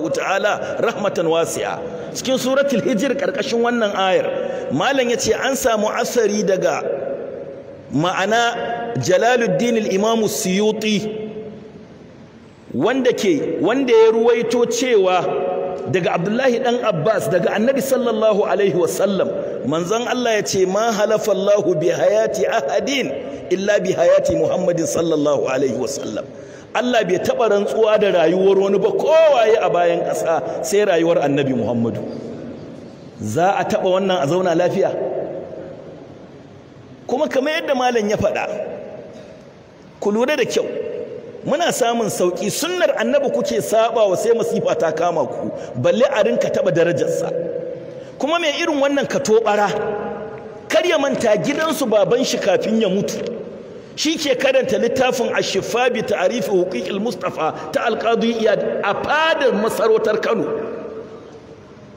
rahimahullahu ta'ala rahmatan wasi'a cikin suratul hijr karkashin wannan ayar malam yace an samu asari daga ma'ana jalaluddin al-imamu suyuti wanda ke wanda ya ruwaito cewa daga abdullahi dan abbas daga annabi sallallahu alaihi wasallam manzon Allah yace ma halafa Allahu bi hayati ahadin illa bi hayati muhammadin sallallahu alaihi wasallam Allah bai taɓa rantsuwa da rayuwar wani ba kowaye a bayan ƙasa sai rayuwar annabi Muhammadu za a taɓa wannan a zauna lafiya kuma kamar yadda malam ya faɗa ku lura da kyau muna samun sauƙi sunnar annabi kuke wa sai masifa ta kama ku balle a rinka taɓa darajarsa kuma mai irin wannan ka toɓara? kar ya manta gidansu baban shi kafin ya mutu shi ke karanta littafin ashifa bi ta'arifi huquqil mustafa ta alkadu iya a fadar masarautar Kano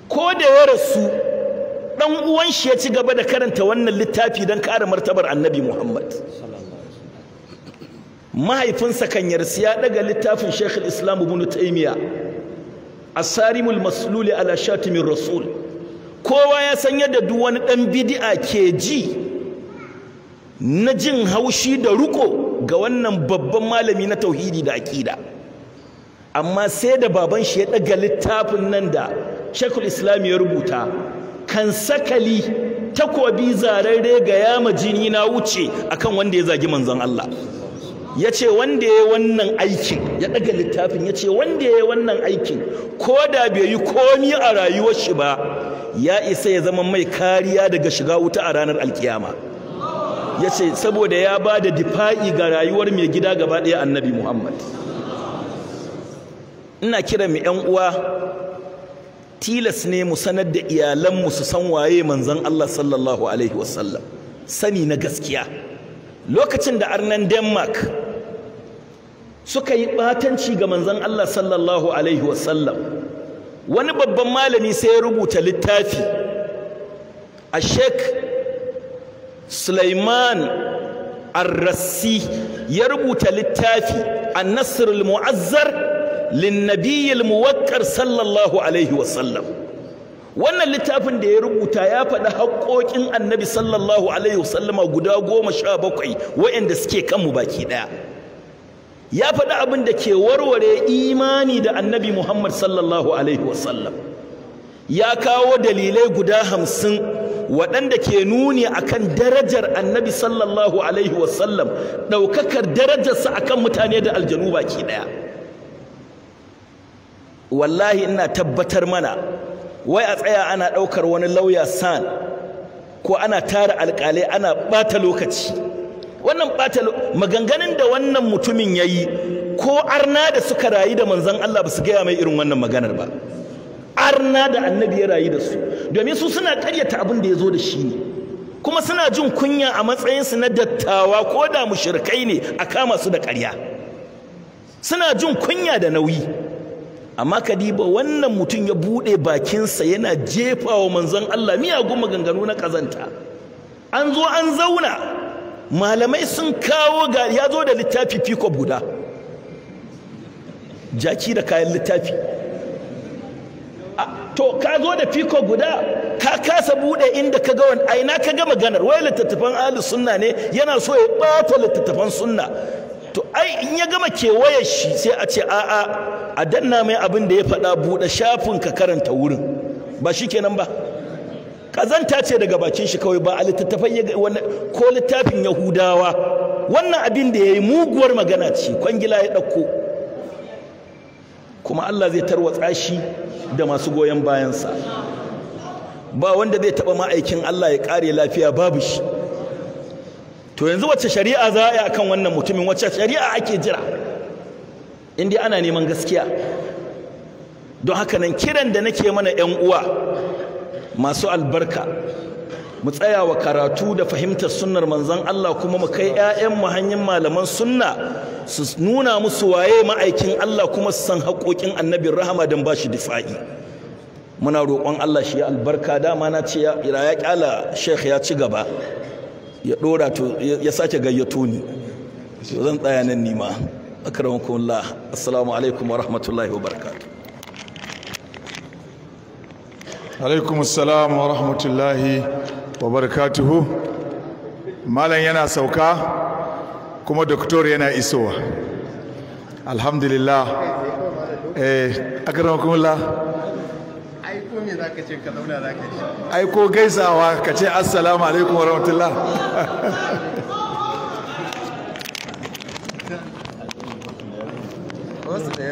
ko da ya rasu dan uwan shi ya ci gaba da karanta wannan littafi dan kare martabar annabi Muhammad mahaifinsa kan yarsu ya daga littafin Sheikh al-Islam Ibn A asarimul masluli ala shatimin rasul kowa ya san yadda duk wani dan bid'a ke ji na jin haushi da ruko ga wannan babban malami na tauhidi da aƙida amma sai da baban shi ya ɗaga littafin nan da shekul islam ya rubuta kan sakali takobi zararre ga yama jini na wuce akan wanda ya zagi manzon Allah ya ce wanda ya yi wannan aikin ya ɗaga littafin ya ce wanda ya yi wannan aikin ko da bai yi komi a rayuwar shi ba ya isa ya zama mai kariya daga shiga wuta a ranar alkiyama ya ce saboda ya ba da difa'i ga rayuwar mai gida gaba ɗaya annabi muhammad ina kira mu yan uwa tilas ne mu sanar da iyalan mu su san waye manzon Allah sallallahu alaihi wasallam sani na gaskiya lokacin da arnan denmark suka yi batanci ga manzon Allah sallallahu alaihi wasallam wani babban malami sai ya rubuta littafi a shek. Sulaiman Ar-Rassi ya rubuta littafi An-Nasr al-Mu'azzar للنبي الموكر sallallahu alaihi wa sallam. wannan littafin da ya rubuta ya faɗi haƙoƙin annabi sallallahu alaihi wasallama guda goma sha bakwai waɗanda suke kanmu baki ɗaya ya faɗi abin da ke warware imani da annabi muhammad sallallahu alaihi sallam. ya kawo dalilai guda hamsin waɗanda ke nuni akan darajar annabi sallallahu alaihi wasallam ɗaukakar darajarsa akan mutane da aljanu baki ɗaya wallahi ina tabbatar mana wai a tsaya ana ɗaukar wani lauya san ko ana tara alƙalai ana ɓata lokaci wannan ɓata maganganun da wannan mutumin ya yi ko arna da suka rayu da manzon Allah ba su gaya mai irin wannan maganar ba arna da annabi ya rayu da su domin su suna karyata abin da ya zo da shi ne kuma suna jin kunya a matsayinsu na dattawa ko da mushrikai ne a kama su da karya. suna jin kunya da nauyi amma kadiba wannan mutum ya buɗe bakinsa yana jefa wa manzon Allah miyagun maganganu na kazanta. an zo an zauna malamai sun kawo ga ya zo da littafi fiko guda jaki da kayan littafi to ka zo da fiko guda ka kasa bude inda ka ga wani aina ka ga maganar wai littattafan ahli sunna ne yana so ya bata littattafan sunna to ai in ya gama kewayar shi sai a ce a'a a danna mai abin da ya faɗa buɗe shafin ka karanta wurin ba shi kenan ba kazanta ce daga bakin shi kawai ba a wani ko littafin yahudawa wannan abin da ya yi muguwar magana ce kwangila ya ɗauko kuma Allah zai tarwatsa shi da masu goyon bayansa ba wanda zai taɓa ma'aikin Allah ya kare lafiya babu shi to yanzu wacce shari'a za a yi akan wannan mutumin wacce shari'a ake jira indai ana neman gaskiya don haka nan kiran da nake mana 'yan uwa masu albarka mu tsaya wa karatu da fahimtar sunnar manzon Allah kuma mu kai ƴaƴan mu hanyar malaman sunna su nuna musu waye ma'aikin Allah kuma su san haƙoƙin annabin rahama don ba shi difa'i muna roƙon Allah shi albarka dama na ce ya ƙyala sheikh ya ci gaba ya ɗora to ya sake gayyato ni to zan tsaya nan nima akramakumullah assalamu alaikum wa rahmatullahi wa barakatuh alaikum assalam wa rahmatullahi wa barakatuhu malam yana sauka kuma doktor yana isowa alhamdulillah eh akramakumullah aiko me zaka ce ka gaisawa ka ce assalamu alaikum wa rahmatullah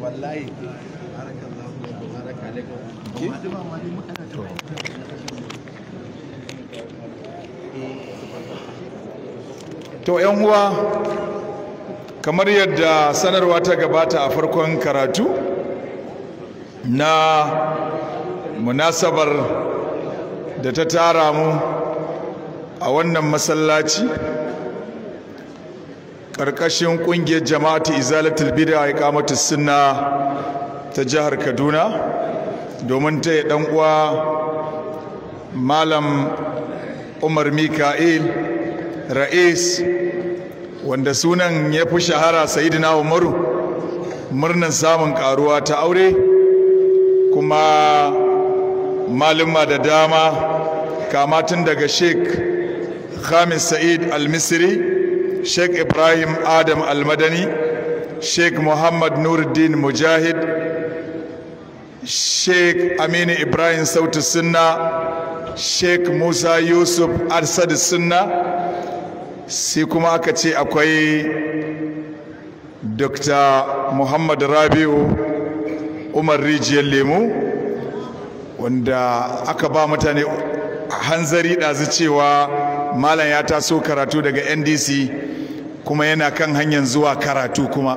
wallahi to yan uwa kamar yadda sanarwa ta gabata a farkon karatu na munasabar da ta tara mu a wannan masallaci ƙarƙashin ƙungiyar jama'atu izalatul bid'a a ikamatu sunna ta jihar kaduna domin ta yi ɗan uwa malam umar mika'il ra'is wanda sunan ya fi shahara sayidina umaru murnan samun karuwa ta aure kuma malama da dama kama daga sheik khamis sa'id al-misri sheik ibrahim adam al-madani sheik muhammad nuruddin mujahid sheik aminu ibrahim sautu sunna sheik musa yusuf arsad sunna sai kuma aka ce akwai dr muhammad rabiu umar rijiyar lemu wanda aka ba mutane hanzari ɗazu cewa malam ya taso karatu daga ndc kuma yana kan hanyar zuwa karatu kuma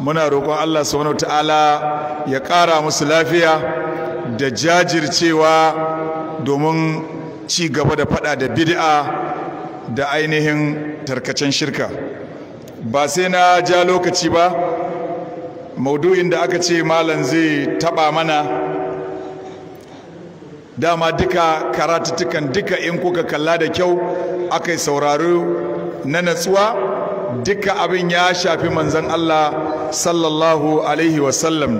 muna roƙon allah subhanahu ta'ala ya ƙara musu lafiya da jajircewa domin ci gaba da faɗa da bid'a da ainihin tarkacen shirka ba sai na ja lokaci ba maudu'in da aka ce malam zai taba mana dama duka karatutukan duka in kuka kalla da kyau aka yi sauraro na natsuwa duka abin ya shafi manzan Allah sallallahu alaihi wasallam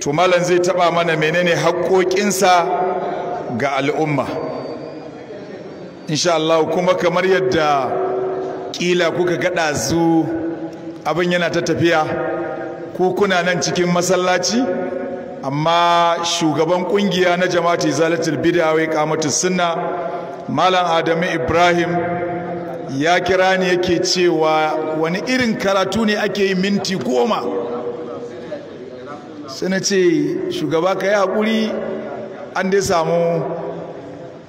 to malam zai taba mana menene haƙoƙinsa ga al'umma insha Allah kuma kamar yadda kila kuka gada su abin yana ta tafiya ku kuna nan cikin masallaci amma shugaban kungiya na jama'ati zalatul bid'a wa sunna malam adamu ibrahim ya kira ni yake cewa wani irin karatu ne ake yi minti goma sai ce shugaba ka yi haƙuri an dai samu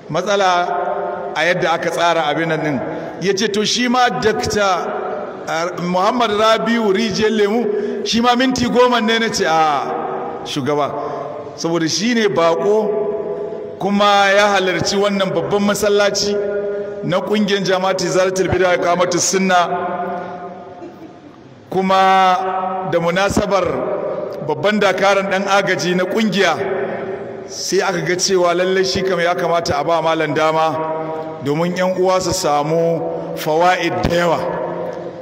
matsala a yadda aka tsara abin nan din ya ce to shi ma dakta muhammad rabiu rijiyar lemu shi ma minti goma ne na ce a shugaba saboda shi ne bako kuma ya halarci wannan babban masallaci na kungiyar jama'ati zaratul bid'a kamatu sunna kuma da munasabar babban dakaran dan agaji na kungiya sai aka ga cewa lallai shi kam ya kamata a ba malam dama domin yan uwa su samu fawaid da yawa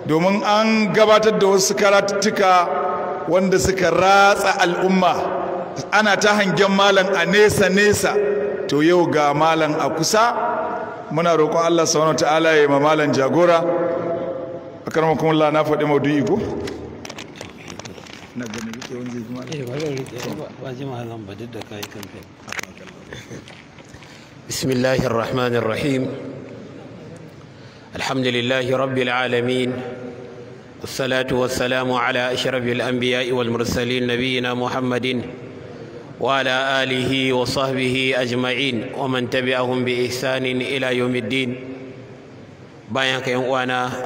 domin an gabatar da wasu karatuttuka wanda suka ratsa al'umma ana ta hangen malam a nesa nesa to yau ga malam a kusa muna roƙon Allah subhanahu ta'ala ya ma malan jagora akarmakumullah na faɗi maudu'i ko بسم الله الرحمن الرحيم الحمد لله رب العالمين والصلاة والسلام على أشرف الأنبياء والمرسلين نبينا محمد وعلى آله وصحبه أجمعين ومن تبعهم بإحسان إلى يوم الدين بايعك يا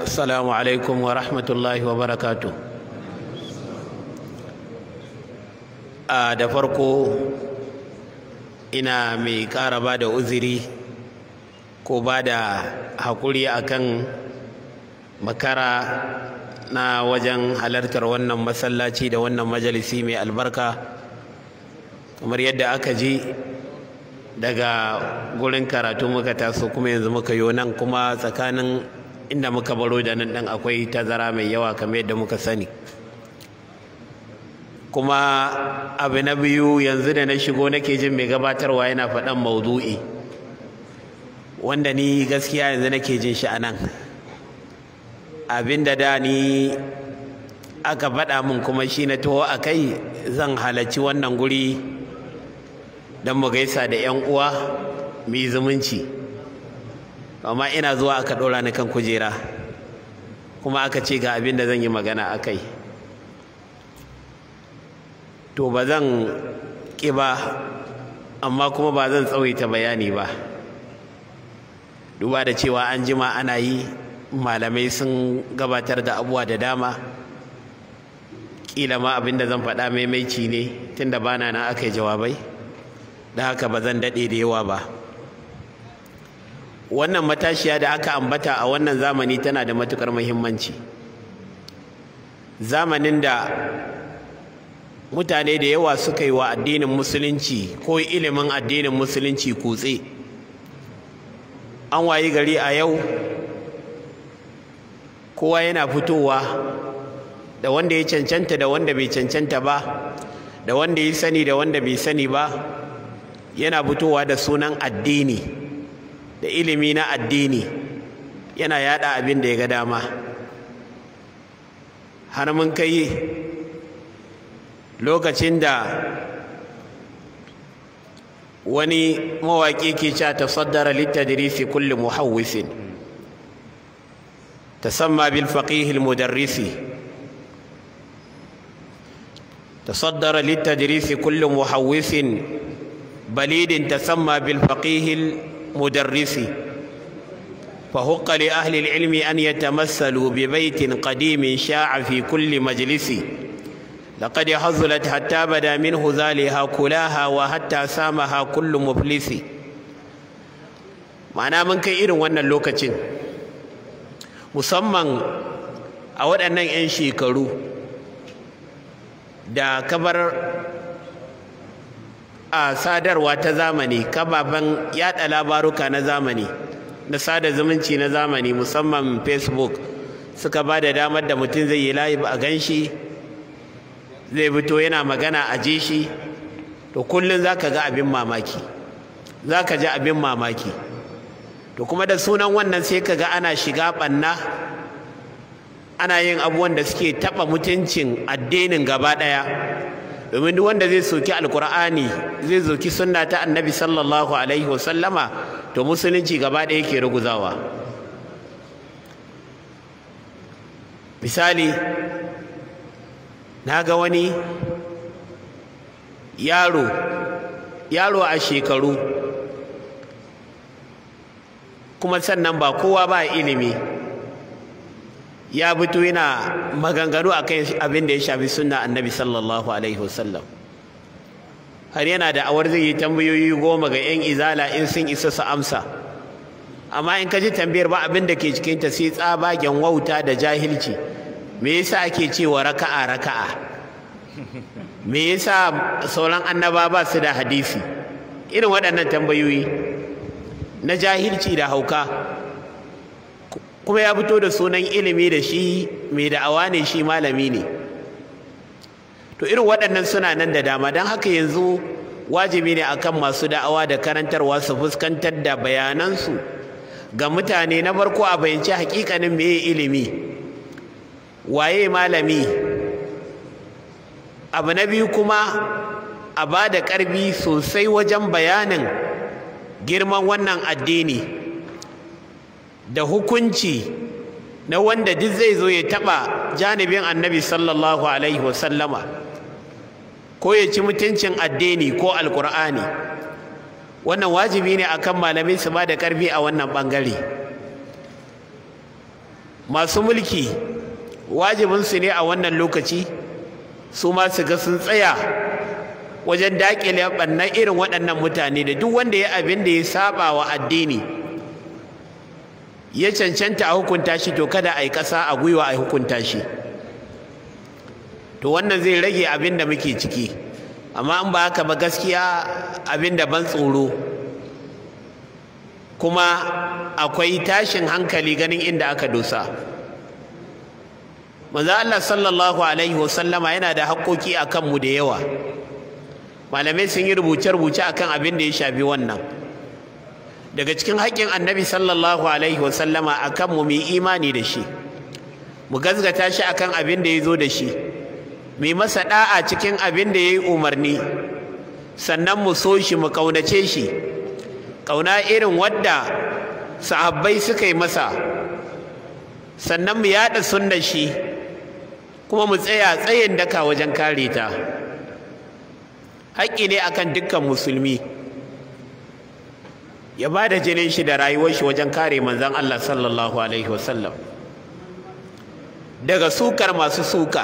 السلام عليكم ورحمة الله وبركاته a da farko ina mai ƙara ba da uziri ko ba da haƙuri akan makara na wajen halartar wannan masallaci da wannan majalisi mai albarka kamar yadda aka ji daga gurin karatu muka taso kuma yanzu muka yi nan kuma tsakanin inda muka baro da nan ɗin akwai tazara mai yawa kamar yadda muka sani. kuma abu na biyu yanzu da na shigo nake jin mai gabatarwa yana faɗan maudu'i wanda ni gaskiya yanzu nake jin shi anan. abinda abin da da ni aka faɗa min kuma shi na taho a kai zan halarci wannan guri don mu gaisa da 'yan uwa mu yi zumunci amma ina zuwa aka ɗora ni kan kujera kuma aka ce ga abin da zan yi magana a kai to ba zan ƙi ba amma kuma ba zan tsawaita bayani ba duba da cewa an jima ana yi malamai sun gabatar da abuwa da dama ƙila ma abin da zan faɗa maimaici ne tunda bana na aka yi jawabai da haka ba zan daɗe da yawa ba wannan matashiya da aka ambata a wannan zamani tana da matukar muhimmanci zamanin da mutane da yawa suka yi wa addinin musulunci ko ilimin addinin musulunci kutse an wayi gari a yau kowa yana fitowa da wanda ya cancanta da wanda bai cancanta ba da wanda ya sani da wanda bai sani ba yana fitowa da sunan addini da ilimi na addini yana yada abin da ya ga dama har mun kai lokacin da wani mawaƙi ke cewa tasaddara litadrisi kulli muhawwisin tasamma bil faqih al mudarrisi تصدر للتدريس كل محوث بليد تسمى بالفقيه المدرس فهق لأهل العلم أن يتمثلوا ببيت قديم شاع في كل مجلس لقد هزلت حتى بدا منه ذالها كلاها وحتى سامها كل مفلس ma'ana mun kai irin wannan lokacin musamman a waɗannan 'yan shekaru da kabar a sadarwa ta zamani kababen yaɗa labaruka na zamani na sada zumunci na zamani musamman facebook suka ba da damar da mutum zai yi live a ganshi zai fito yana magana a je shi to kullum za ka ga abin mamaki za ka ji abin mamaki to kuma da sunan wannan sai ka ga ana shiga banna, ana yin abubuwan da suke taɓa mutuncin addinin gaba ɗaya domin duk wanda zai soki alkur'ani zai soki sunna ta annabi sallallahu alaihi wasallama to musulunci gaba ɗaya ke ruguzawa misali na ga wani yaro yaro a shekaru kuma sannan ba kowa ba ilimi ya fito yana maganganu akan abin da ya shafi sunna annabi sallallahu alaihi wasallam har yana da awar zai yi tambayoyi goma ga 'yan izala in sun isa su amsa amma in ka ji tambayar ba abin da ke cikinta sai tsabagen wauta da jahilci me yasa ake cewa raka'a raka'a me yasa sauran annaba ba su da hadisi irin waɗannan tambayoyi na jahilci da hauka kuma ya fito da sunan ilimi da shi mai da'awa ne shi malami ne to irin waɗannan suna nan da dama don haka yanzu wajibi ne akan masu da'awa da karantarwa su fuskantar da bayanansu ga mutane na farko a bayanci hakikanin meye ilimi waye malami abu na biyu kuma a ba da ƙarfi sosai wajen bayanin girman wannan addini da hukunci na wanda duk zai zo ya taɓa janibin annabi sallallahu alaihi wasallama ko ya ci mutuncin addini ko alkur'ani wannan wajibi ne akan malamai su ba da ƙarfi a wannan ɓangare masu mulki Wajibin su ne a wannan lokaci su ma su ga sun tsaya wajen daƙile bannan irin waɗannan mutane da duk wanda ya abin da ya saba wa addini ya cancanta a hukunta shi to kada a yi ƙasa a gwiwa a hukunta shi to wannan zai rage abin da muke ciki amma in ba haka ba gaskiya abin da ban tsoro kuma akwai tashin hankali ganin inda aka dosa. manzo Allah sallallahu alaihi wasallama yana da haƙoƙi akan mu da yawa malamai sun yi rubuce-rubuce akan abin da ya shafi wannan daga cikin haƙƙin annabi sallallahu alaihi wasallama akan mu mu imani da shi mu gazgata shi akan abin da ya zo da shi mu masa da'a cikin abin da ya yi umarni sannan mu so shi mu ƙaunace shi Ƙauna irin wadda sahabbai suka yi masa sannan mu yaɗa sunnar shi kuma mu tsaya tsayin daka wajen kare ta haƙƙi ne akan dukkan musulmi ya ba da jinin shi da rayuwar shi wajen kare manzon Allah sallallahu alaihi wasallam daga sukar masu suka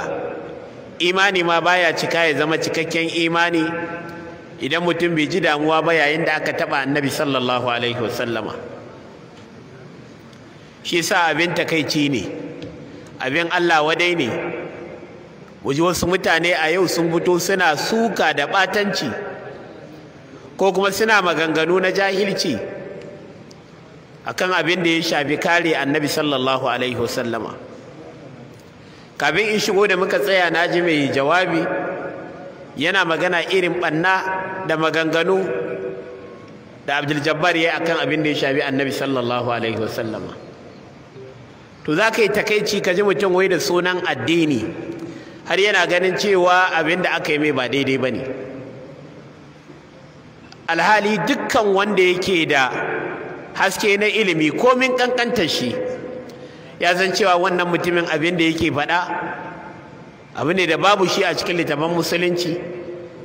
imani ma baya cika ya zama cikakken imani idan mutum bai ji damuwa ba yayin da aka taba annabi sallallahu alaihi wasallama shi sa abin takaici ne abin Allah wadai ne waje wasu mutane a yau sun fito suna suka da ɓatanci ko kuma suna maganganu na jahilci akan abin da ya shafi kare annabi sallallahu alaihi wasallama kafin in shigo da muka tsaya na ji mai jawabi yana magana irin ɓanna da maganganu da abdul jabbar ya yi a kan abin da ya shafi annabi sallallahu alaihi wasallama to za ka yi takaici ka ji mutum wai da sunan addini har yana ganin cewa abin da aka yi mai ba daidai ba ne alhali dukkan wanda yake da haske na ilimi komin ƙanƙantar shi ya san cewa wannan mutumin abin da yake faɗa abu ne da babu shi a cikin littafin musulunci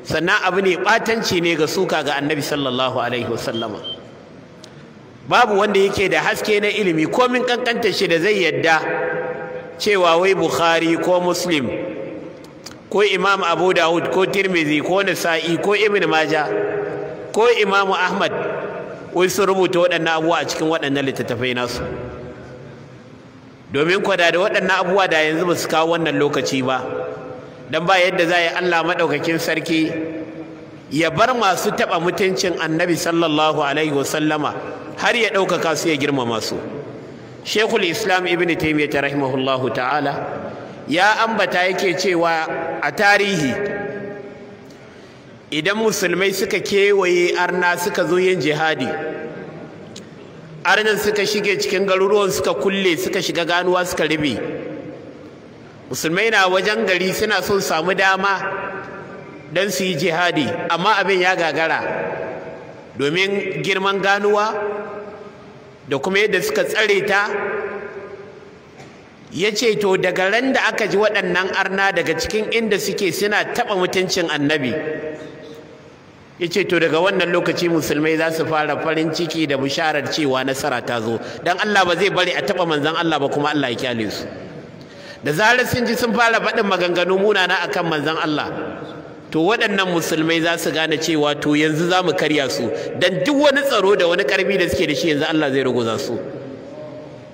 sannan abu ne ɓatanci ne ga suka ga annabi sallallahu alaihi wasallama babu wanda yake da haske na ilimi komin ƙanƙantar shi da zai yadda cewa wai bukhari ko muslim ko imam abu dawud ko tirmizi ko nasa'i ko ibn maja ko imam ahmad wai sun rubuta waɗannan abuwa a cikin waɗannan littattafai nasu domin kwada da waɗannan abuwa da yanzu ba su kawo wannan lokaci ba don ba yadda za a yi allah maɗaukakin sarki ya bar masu taɓa mutuncin annabi sallallahu alaihi wasallama har ya ɗaukaka su ya girmama su shekul islam ibn taimiyata rahimahullahu ta'ala ya ambata yake cewa a tarihi idan musulmai suka kewaye arna suka zo yin jihadi arnan suka shige cikin garuruwan suka kulle suka shiga ganuwa suka ribe musulmai na wajen gari suna son samu dama don su yi jihadi amma abin ya gagara domin girman ganuwa da kuma yadda suka tsare ta ya ce to daga ran da aka ji waɗannan arna daga cikin inda suke suna taɓa mutuncin annabi ya ce to daga wannan lokaci musulmai za su fara farin ciki da musharar cewa nasara ta zo don Allah ba zai bari a taɓa manzan Allah ba kuma Allah ya kyale su da zarar sun ji sun fara faɗin maganganu munana akan manzan Allah to waɗannan musulmai za su gane cewa to yanzu za mu karya su don duk wani tsaro da wani ƙarfi da suke da shi yanzu Allah zai ruguza su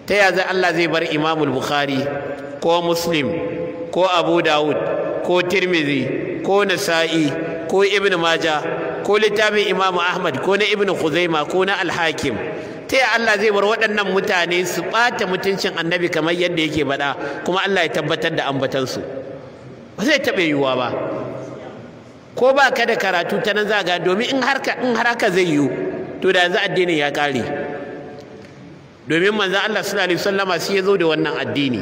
ta ya zai Allah zai bar Imamul Bukhari ko Muslim ko Abu Dawud ko tirmizi ko Nasa'i ko Ibn Maja ko littafin Imam Ahmad ko na Ibn Kuzaima, ko na alhakim hakim ta ya Allah zai bar waɗannan mutane su ɓata mutuncin annabi kamar yadda yake baɗa kuma Allah ya tabbatar da ambatansu ba zai taɓa yiwuwa ba ko ba ka da karatu ta nan za ga domin in har haka zai yiwu to da yanzu addinin ya ƙare domin manzo Allah sallallahu alaihi wasallama shi ya zo da wannan addini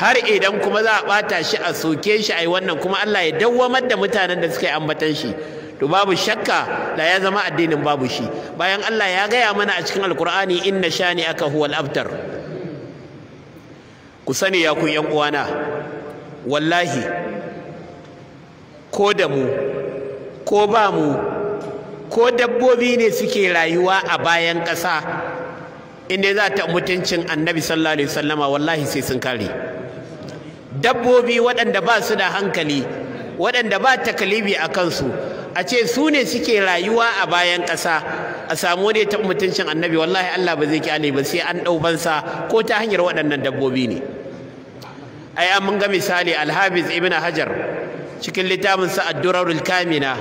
har idan kuma za a bata shi a soke shi a yi wannan kuma Allah ya dawwamar da mutanen da suka yi ambatan shi to babu shakka da ya zama addinin babu shi bayan Allah ya gaya mana a cikin alkur'ani inna shani aka huwal abtar ku sani ya ku yan uwana wallahi ko da mu ko ba mu ko dabbobi ne suke rayuwa a bayan ƙasa in dai za ta mutuncin annabi sallallahu alaihi wasallama wallahi sai sun kare dabbobi waɗanda ba su da hankali waɗanda ba takalibi a kansu a ce su ne suke rayuwa a bayan ƙasa a samu ne ta mutuncin annabi wallahi Allah ba zai kyale ba sai an ɗau bansa ko ta hanyar waɗannan dabbobi ne ai mun ga misali alhabiz ibn hajar cikin littafin sa ad-durarul kamina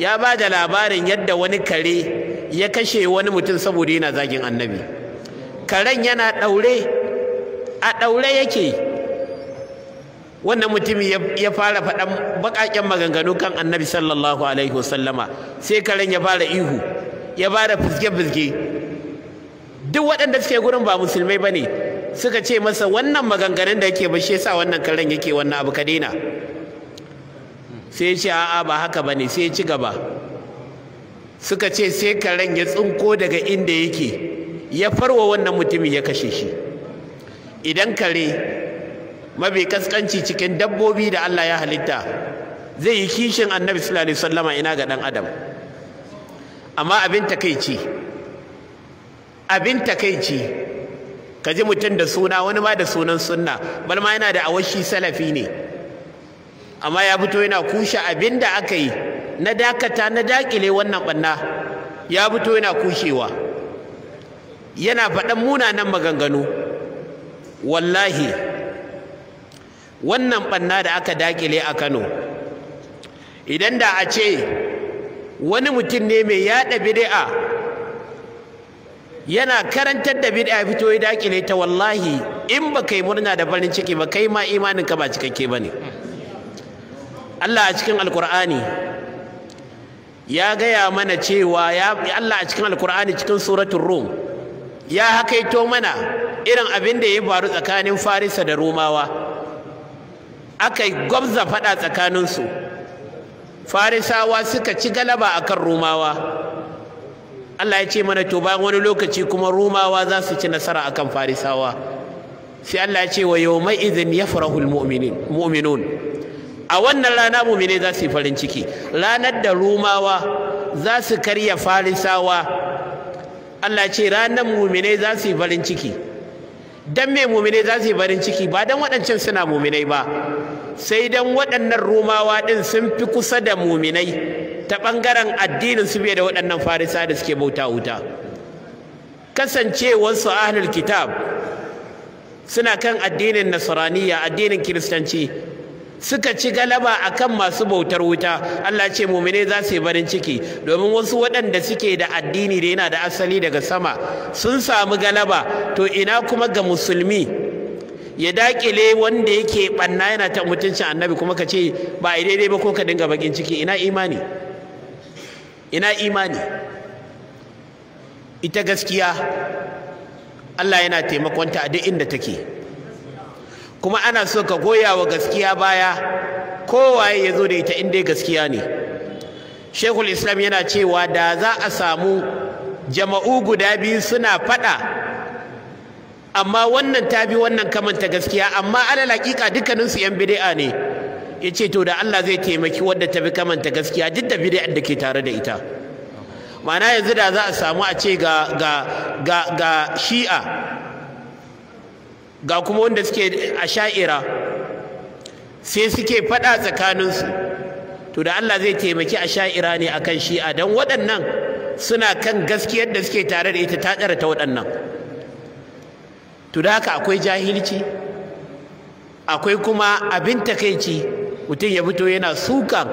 ya ba da labarin yadda wani kare ya kashe wani mutum saboda yana zagin annabi karen yana ɗaure a ɗaure yake wannan mutum ya fara faɗan baƙaƙen maganganu kan annabi sallallahu alaihi wasallama sai karen ya fara ihu ya fara fizge-fizge duk waɗanda suke gurin ba musulmai ba ne suka ce masa wannan maganganun da yake ba shi sa wannan karen yake wannan abu ka daina sai ya ce a'a ba haka ba ne sai ya ci gaba suka ce sai karen ya tsinko daga inda yake ya farwa wannan mutumi ya kashe shi idan kare mafi kaskanci cikin dabbobi da Allah ya halitta zai yi kishin annabi sallallahu alaihi wasallama ina ga dan adam amma abin takeici abin takeici ka ji mutum da suna wani ma da sunan sunna Balma yana da awashi salafi ne amma ya fito yana kushe abin da aka yi na dakata na dakile wannan banna ya fito yana kushewa yana faɗan munanan maganganu wallahi wannan ɓanna da aka daƙile a Kano idan da a ce wani mutum ne mai yaɗa bid'a yana karantar da bid'a fito ya daƙile ta wallahi in ba kai murna da farin ciki ba kai ma imaninka ba cikakke ba ne Allah a cikin alkur'ani ya gaya mana cewa ya Allah a cikin alkur'ani cikin suratun rum ya hakaito mana irin abin da ya faru tsakanin farisa da romawa aka gwabza faɗa tsakaninsu farisawa suka ci galaba akan romawa allah ya ce mana to bayan wani lokaci kuma Rumawa za su ci nasara akan farisawa sai allah ya ce wa yau mai izin ya fara mu'minun a wannan rana mu'mine za su yi farin ciki ranar da Rumawa za su karya farisawa Allah ce ranar muminai za su yi farin ciki dan me muminai za su yi barin ciki ba dan waɗancan suna muminai ba sai dan waɗannan romawa din sun fi kusa da muminai ta ɓangaren addinin su bai da waɗannan farisa da suke bauta wuta kasancewarsu ahlul kitab suna kan addinin nasraniya addinin kiristanci suka ci galaba a kan masu bautar wuta Allah ce mu'mine za su yi barin ciki domin wasu waɗanda suke da addini da yana da asali daga sama sun samu galaba to ina kuma ga musulmi ya dakile wanda yake ɓanna yana ta mutuncin annabi kuma ka ce ba a daidai ba ko ka dinga bakin ciki ina imani ina imani ita gaskiya Allah yana taimakonta a duk inda take kuma ana so ka goya wa gaskiya baya kowaye ya zo da ita in dai gaskiya ne shekul islam yana cewa da za a samu jama'u guda biyu suna faɗa amma wannan ta bi wannan kamanta gaskiya amma alal hakika dukkaninsu yan bida'a ne ya ce to da Allah zai taimaki wadda ta bi kamanta gaskiya duk da bid'ar da ke tare da ita ma'ana yanzu da za a samu a ce ga shi'a ga kuma wanda suke a sha'ira sai suke faɗa tsakaninsu to da Allah zai taimaki a sha'ira ne akan shi'a don waɗannan suna kan gaskiyar da suke tare da ita ta tsara ta waɗannan to da haka akwai jahilci akwai kuma abin takaici mutum ya fito yana sukan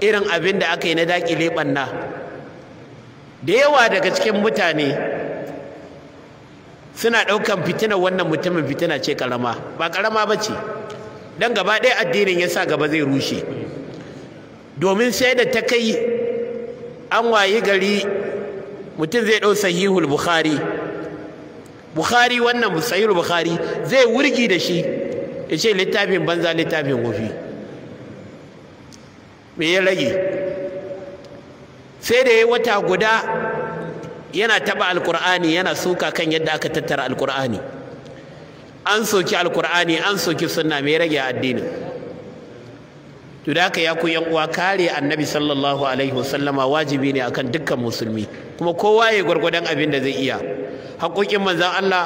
irin abin da aka yi na daƙile ɓanna da yawa daga cikin mutane suna ɗaukan fitina wannan mutumin fitina ce karama ba karama ba ce don gaba ɗaya addinin ya sa gaba zai rushe domin sai da ta kai an wayi gari mutum zai ɗau sahihul bukhari bukhari wannan sahihul bukhari zai wurgi da shi ya ce littafin banza littafin wofi me ya rage sai da ya wata guda yana taba alkur'ani yana suka kan yadda aka tattara alkur'ani an soki alkur'ani an soki sunna mai rage addinin to da haka ya ku yan uwa kare annabi sallallahu alaihi wasallama wajibi ne akan dukkan musulmi kuma kowa ya gurgurdan abin da zai iya haƙoƙin manzon Allah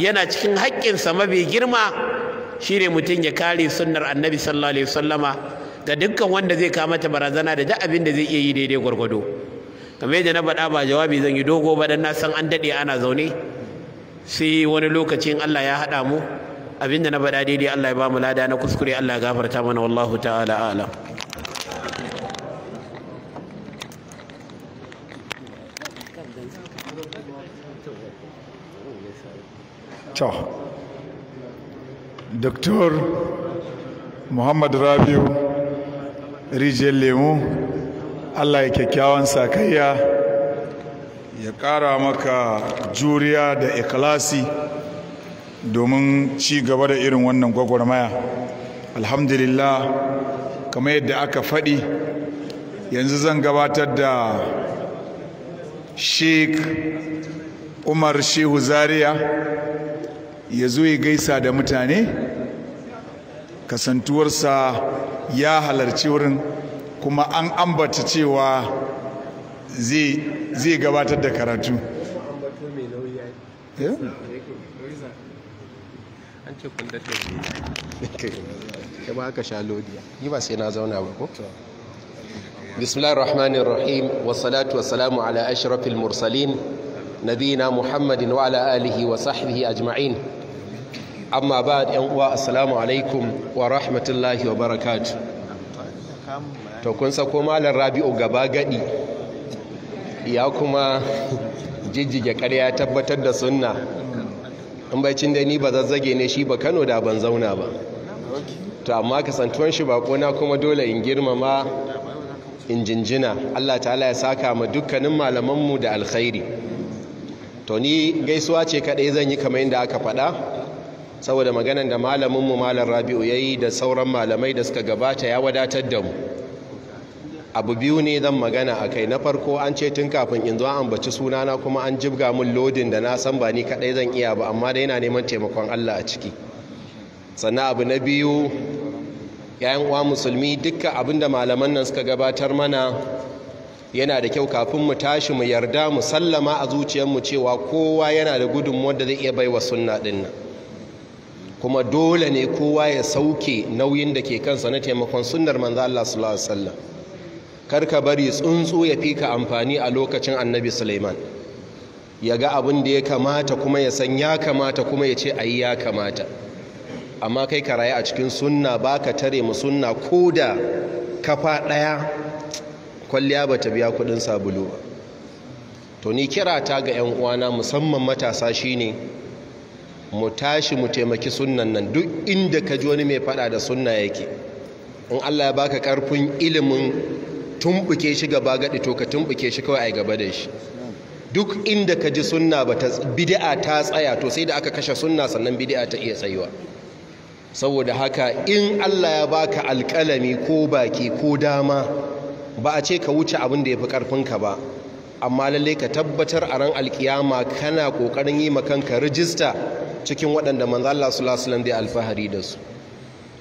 yana cikin haƙƙin sa mabi girma shine mutum ya kare sunnar annabi sallallahu alaihi wasallama da dukkan wanda zai kama ta barazana da duk abin da zai iya yi daidai gurgurdo kamar da na faɗa ba jawabi zan yi dogo ba dan na san an daɗe ana zaune sai wani lokacin Allah ya haɗa mu abinda na faɗa daidai Allah ya ba mu lada na kuskure Allah ya gafarta mana wallahu ta'ala a'lam to Dr. Muhammad Rabiu Rijiyar Lemu Allah ya kyakkyawan sakayya ya ƙara maka juriya da ikilasi domin ci gaba da irin wannan gwagwarmaya alhamdulillah kamar yadda aka faɗi yanzu zan gabatar da sheik umar shehu zaria ya zo ya gaisa da mutane kasantuwarsa ya halarci wurin kuma an ambata cewa zai gabatar da karatu eh? an ce kun dace ke wa ka sha lodiya na zauna ala ashrafil mursalin nabiyina muhammadin wa ala alihi wa sahbihi ajma'in amma ba yan uwa assalamu alaikum wa rahmatullahi wa barakatuh to kun sako malar rabi'u gaba gadi ya kuma jijjige karya tabbatar da sunna in bai cin da ni ba zazzage ne shi ba kano da ban zauna ba to amma kasantuwan shi bakona kuma dole in girmama in jinjina allah ta'ala ya saka ma dukkanin malamanmu da alkhairi to ni gaisuwa ce kaɗai zan yi kamar yadda aka faɗa saboda maganan da malaminmu malar rabi'u ya yi da sauran malamai da suka gabata ya wadatar da mu abu biyu ne zan magana a kai na farko an ce tun kafin in zo ambaci sunana kuma an jibga min lodin da na san ba ni kaɗai zan iya ba amma dai yana neman taimakon Allah a ciki sannan abu na biyu yayan uwa musulmi dukkan abin da malaman nan suka gabatar mana yana da kyau kafin mu tashi mu yarda mu sallama a zuciyarmu cewa kowa yana da gudun wanda zai iya baiwa sunna din nan kuma dole ne kowa ya sauke nauyin da ke kansa na taimakon sunnar manzo Allah sallallahu alaihi wasallam karka bari tsuntsu ya fi ka amfani a lokacin annabi suleiman ya ga abin da ya kamata kuma ya san ya kamata kuma ya ce ayi ya kamata amma kai ka rayu a cikin sunna ba ka tare mu sunna ko da kafa ɗaya kwalliya ba ta biya kuɗin sabulu ba to ni kira ta ga 'yan uwana musamman matasa shine mu tashi mu taimaki sunnan nan duk inda ka ji wani mai faɗa da sunna yake in allah ya baka karfin ilimin tumbuke shi gaba gaɗi to ka tumbuke shi kawai ai gaba da shi duk inda ka ji sunna ba ta bid'a ta tsaya to sai da aka kashe sunna sannan bid'a ta iya tsayuwa saboda haka in Allah ya baka alƙalami ko baki ko dama ba a ce ka wuce abin da ya fi ƙarfinka ba amma lallai ka tabbatar a ran alkiyama kana kokarin yi ma kanka rijista cikin waɗanda manzo Allah sallallahu alaihi alfahari da su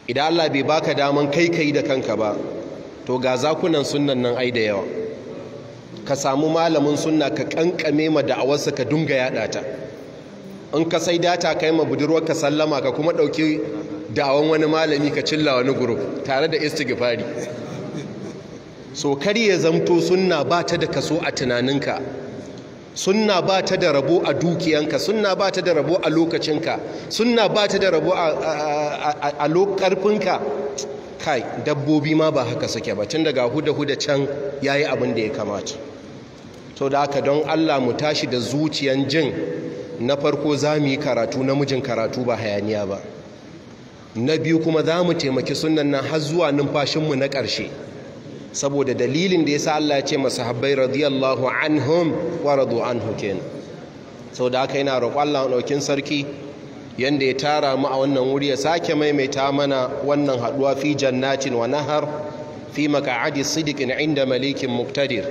idan Allah bai baka daman kai kai da kanka ba to ga zakunan sunnan nan ai da yawa ka samu malamin sunna ka kankame ma da'awarsa ka dunga yada ta in ka sai data kai ma budurwar ka sallama ka kuma dauki da'awan wani malami ka cilla wani guru tare da istighfari so kar ya zamto suna ba ta da kaso a tunaninka sunna ba ta da rabo a dukiyanka sunna ba ta da rabo a lokacinka sunna ba ta da rabo a, a, kai dabbobi ma ba haka suke ba tun daga huda-huda can ya yi abin da ya kamata to da aka don allah mu tashi da zuciyan jin na farko za mu yi karatu namijin karatu ba hayaniya ba na biyu kuma za mu taimaki sunan nan har zuwa numfashinmu na ƙarshe saboda dalilin da ya sa allah ya ce habbai radiyallahu anhum wa radu anhu kenan sau da yi yana roƙon allah ɗaukin sarki yanda ya tara mu a wannan wuri ya sake maimaita mana wannan haduwa fi jannatin wa nahar fi maka'adi sidikin inda malikin muktadir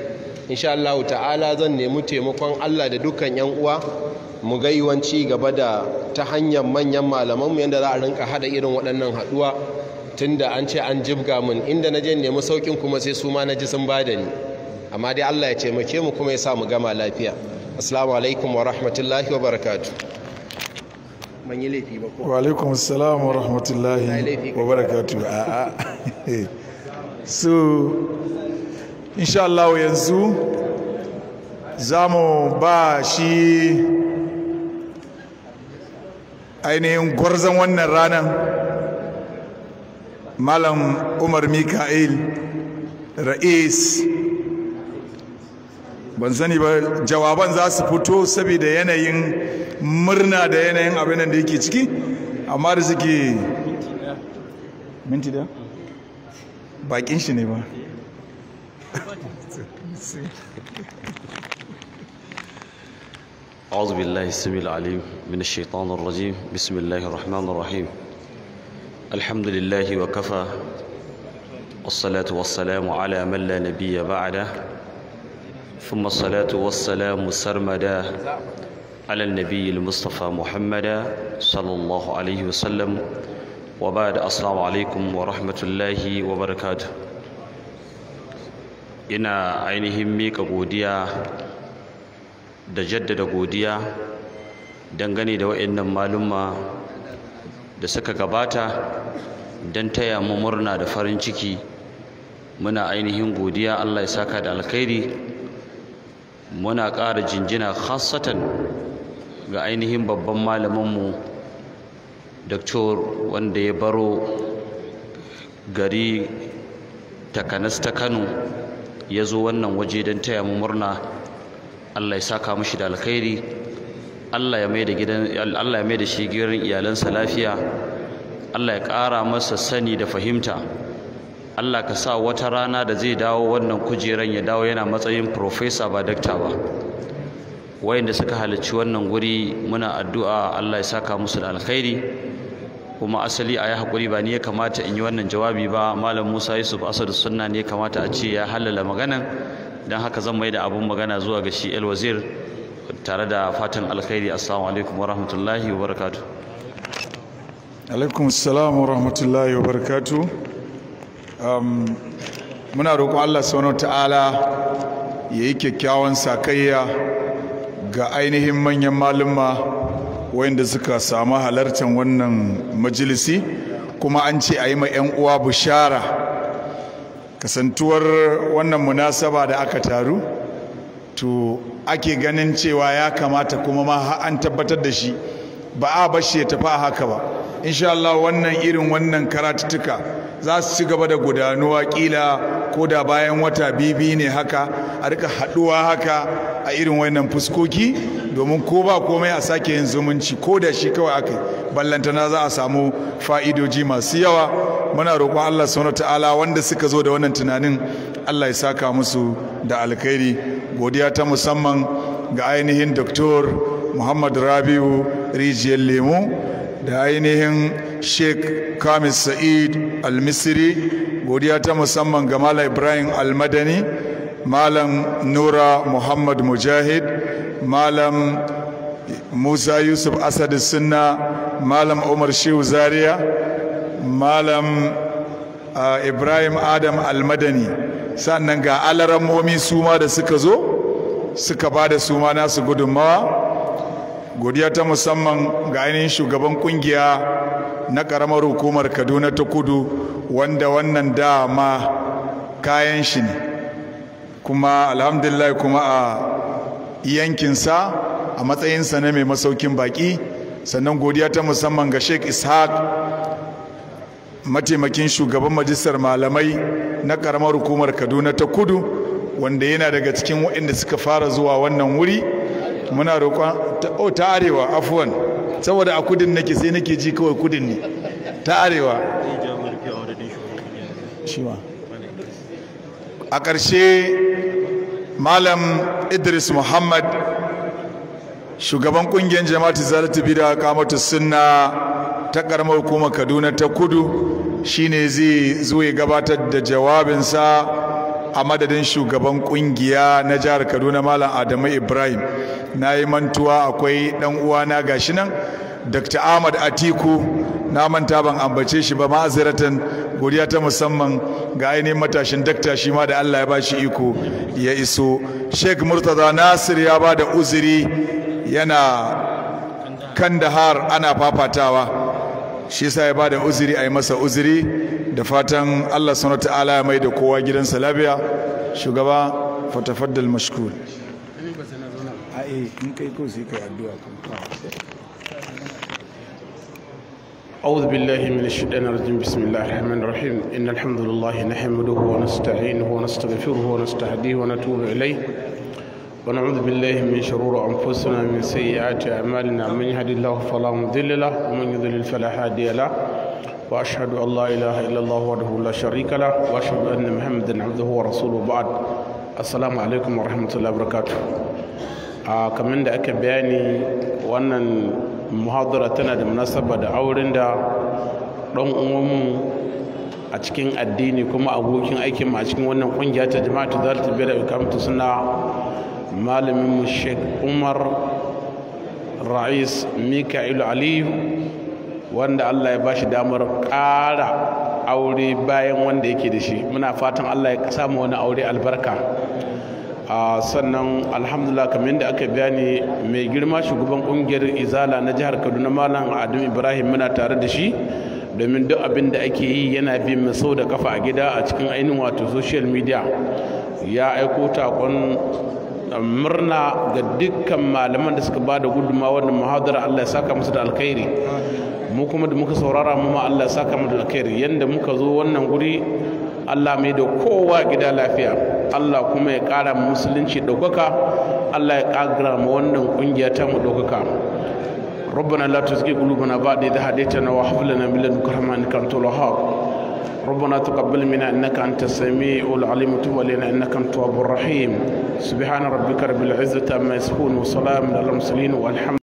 insha Allah ta'ala zan nemi taimakon Allah da dukkan yan uwa mu gaiwanci gaba da ta hanyar manyan malaman mu yanda za a rinka hada irin waɗannan haduwa tunda an ce an jibga mun inda na je nemi saukin kuma sai su ma na ji sun bada ni amma dai Allah ya taimake mu kuma ya sa mu gama lafiya assalamu alaikum wa rahmatullahi wa barakatuh ban yi laifi ba ko wa alaikum assalam wa rahmatullahi wa barakatuh a a so insha Allah yanzu zamu ba shi ainihin gwarzon wannan ranar malam umar mika'il ra'is ban sani ba jawaban za su fito saboda yanayin murna da yanayin abin da yake ciki amma da suke minti da bakin shi ne ba أعوذ بالله السميع العليم من الشيطان الرجيم بسم الله الرحمن الرحيم الحمد لله وكفى والصلاة والسلام على من لا نبي بعده ثم الصلاة والسلام سرمدا على النبي المصطفى محمد صلى الله عليه وسلم وبعد السلام عليكم ورحمة الله وبركاته ina ainihin mika godiya da jaddada godiya dangane da wa'annan malumma da suka gabata don taya mu murna da farin ciki muna ainihin godiya Allah ya saka da alkhairi muna ƙara jinjina khasatan ga ainihin babban malaminmu daktor wanda ya baro gari takanas ta kano ya zo wannan waje don taya mu murna allah ya saka shi da alkhairi allah ya mai da shi gidan iyalansa lafiya allah ya ƙara masa sani da fahimta Allah ka sa wata rana da zai dawo wannan kujeran ya dawo yana matsayin profesa ba dakta ba wayanda suka halarci wannan guri muna addu'a Allah ya saka musu da alkhairi kuma asali a yi hakuri ba ni ya kamata in yi wannan jawabi ba malam musa yusuf asadu sunna ne ya kamata a ce ya halala maganan don haka zan mai da abun magana zuwa ga shi el wazir tare da fatan alkhairi assalamu alaikum wa rahmatullahi wa barakatu alaikum assalamu wa rahmatullahi wa barakatu Um, muna roƙon Allah subhanahu ta'ala ya yi kyakkyawan sakayya ga ainihin manyan malumma wayanda suka samu halartar wannan majalisi kuma an ce a yi ma 'yan uwa bishara kasantuwar wannan munasaba da aka taru to ake ganin cewa ya kamata kuma ma an tabbatar da shi ba a bashi ya tafi haka ba insha Allah wannan irin wannan karatuttuka za su ci gaba da gudanuwa kila ko da bayan wata bibi ne haka a rika haduwa haka a irin wannan fuskoki domin ko ba komai a sake yin zumunci ko da shi kawai aka ballantana za a samu fa'idoji masu yawa muna roƙon Allah subhanahu ta'ala wanda suka zo da wannan tunanin Allah ya saka musu da alkhairi godiya ta musamman ga ainihin Dr. Muhammad Rabiu Rijiyar Lemu da ainihin sheik kamis sa'id al godiya ta musamman ga malam ibrahim al-madani malam nura muhammad mujahid malam musa yusuf asad sunna malam umar shehu zaria malam uh, ibrahim adam almadani sannan ga alaran momi suma da suka zo suka ba da suma nasu gudunmawa godiya ta musamman ga ainihin shugaban kungiya na karamar hukumar kaduna ta kudu wanda wannan dama kayan shi ne kuma alhamdulillah kuma a yankinsa a matsayinsa na mai masaukin baki sannan godiya ta musamman ga sheik ishaq mataimakin shugaban majistar malamai na karamar hukumar kaduna ta kudu wanda yana daga cikin waɗanda suka fara zuwa wannan wuri muna roƙon oh, ta arewa afuwan saboda a kudin nake sai nake ji kawai kudin ne ta arewa a ƙarshe malam idris muhammad shugaban ƙungiyar jama'atu zalatu bida kamatu sunna ta ƙaramar hukumar kaduna ta kudu shine zai zo ya gabatar da jawabinsa a madadin shugaban kungiya na jihar kaduna malam adamu ibrahim na yi mantuwa akwai dan uwana gashi nan dr ahmad atiku na manta ban ambace shi ba ma'aziratan godiya ta musamman ga ainihin matashin dakta shi ma da allah ya ba shi iko ya iso sheikh murtaza nasir ya ba da uzuri yana kandahar ana fafatawa shi sa ya bada uzuri a yi masa uzuri da fatan Allah subhanahu ta'ala ya mai da kowa gidansa lafiya shugaba fatafaddal mashkul أعوذ بالله من الشيطان الرجيم بسم الله الرحمن الرحيم إن الحمد لله نحمده ونستعينه ونستغفره ونستهديه ونتوب إليه ونعوذ بالله من شرور أنفسنا من سيئات أعمالنا من يهد الله فلا مضل له ومن يضلل فلا هادي له وأشهد أن لا إله إلا الله وحده لا شريك له وأشهد أن محمدا عبده ورسوله بعد السلام عليكم ورحمة الله وبركاته kamar da aka bayani wannan muhadara tana da munasaba da auren da ɗan uwanmu a cikin addini kuma abokin aikin a cikin wannan kungiya ta jama'a ta zalta biyar da suna malamin mu shek umar ra'is mika'ilu aliyu wanda allah ya bashi damar kara aure bayan wanda yake da shi muna fatan allah ya samu wani aure albarka sannan alhamdulillah kamar da aka bayani mai girma shugaban kungiyar izala na jihar kaduna malam adam ibrahim muna tare da shi domin duk abin da ake yi yana bi mu sau da kafa a gida a cikin ainihin wato social media ya aiko takon murna ga dukkan malaman da suka bada guduma wannan muhadara Allah ya saka musu da alkhairi mu kuma da muka saurara mu ma Allah ya saka mu da alkhairi yanda muka zo wannan guri Allah mai da kowa gida lafiya Allah kuma ya ƙara musulunci daukaka Allah ya kagara mu wannan kungiya ta mu ɗaukaka ربنا لا تزغ قلوبنا بعد إذ هديتنا وهب لنا من لدنك رحمة إنك أنت الوهاب ربنا تقبل منا إنك أنت السميع العليم وتب علينا إنك أنت التواب الرحيم سبحان ربك رب العزة عما يصفون وسلام على المرسلين والحمد